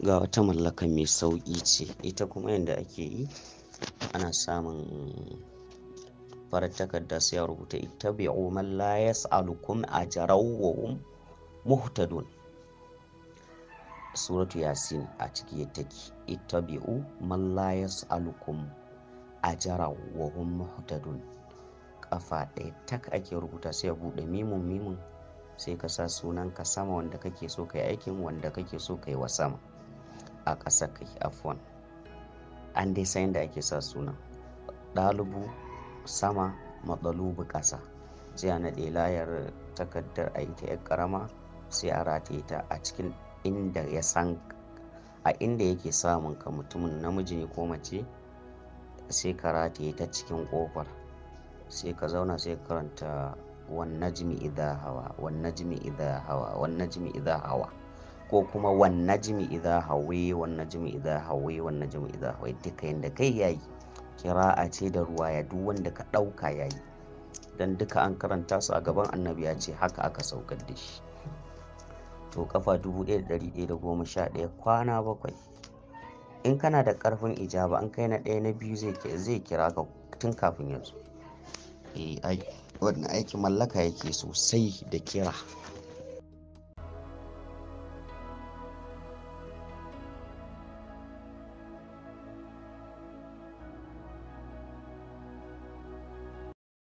ga wata mallaka mai sauƙi ce ita kuma yadda ake yi ana samun farar takarda sai ya rubuta ita bai umar yas'alukum ajraw a jarawowin muhtadun suratu yasin a ciki take ita bai umar yas'alukum ajraw a jarawowin muhtadun kafa ɗaya tak ake rubuta sai ya buɗe mimun mimun sai ka sa sunan ka sama wanda kake so ka yi aikin wanda kake so ka yi wa sama a ƙasa kai afwan an dai san yadda ake sa suna ɗalibu sama matsalubu ƙasa sai a naɗe layar takardar a yi ta yar ƙarama sai a rataye ta a cikin inda ya san a inda yake samun ka mutumin namiji ne ko mace sai ka rataye ta cikin ƙofar sai ka zauna sai karanta wannan najmi idan hawa wannan najmi idan hawa wannan najmi idan hawa ko kuma wan jimi idha hawi wan najmi idha hawi wan najmi idha hawi duka yanda kai yayi a ce da ruwa ya duk wanda ka dauka yayi dan duka an karanta su a gaban annabi ya ce haka aka saukar da shi to kafa 1111 kwana bakwai in kana da karfin ijaba an kai na ɗaya na biyu zai kira ka tun kafin yanzu eh, wannan aiki mallaka yake sosai da kira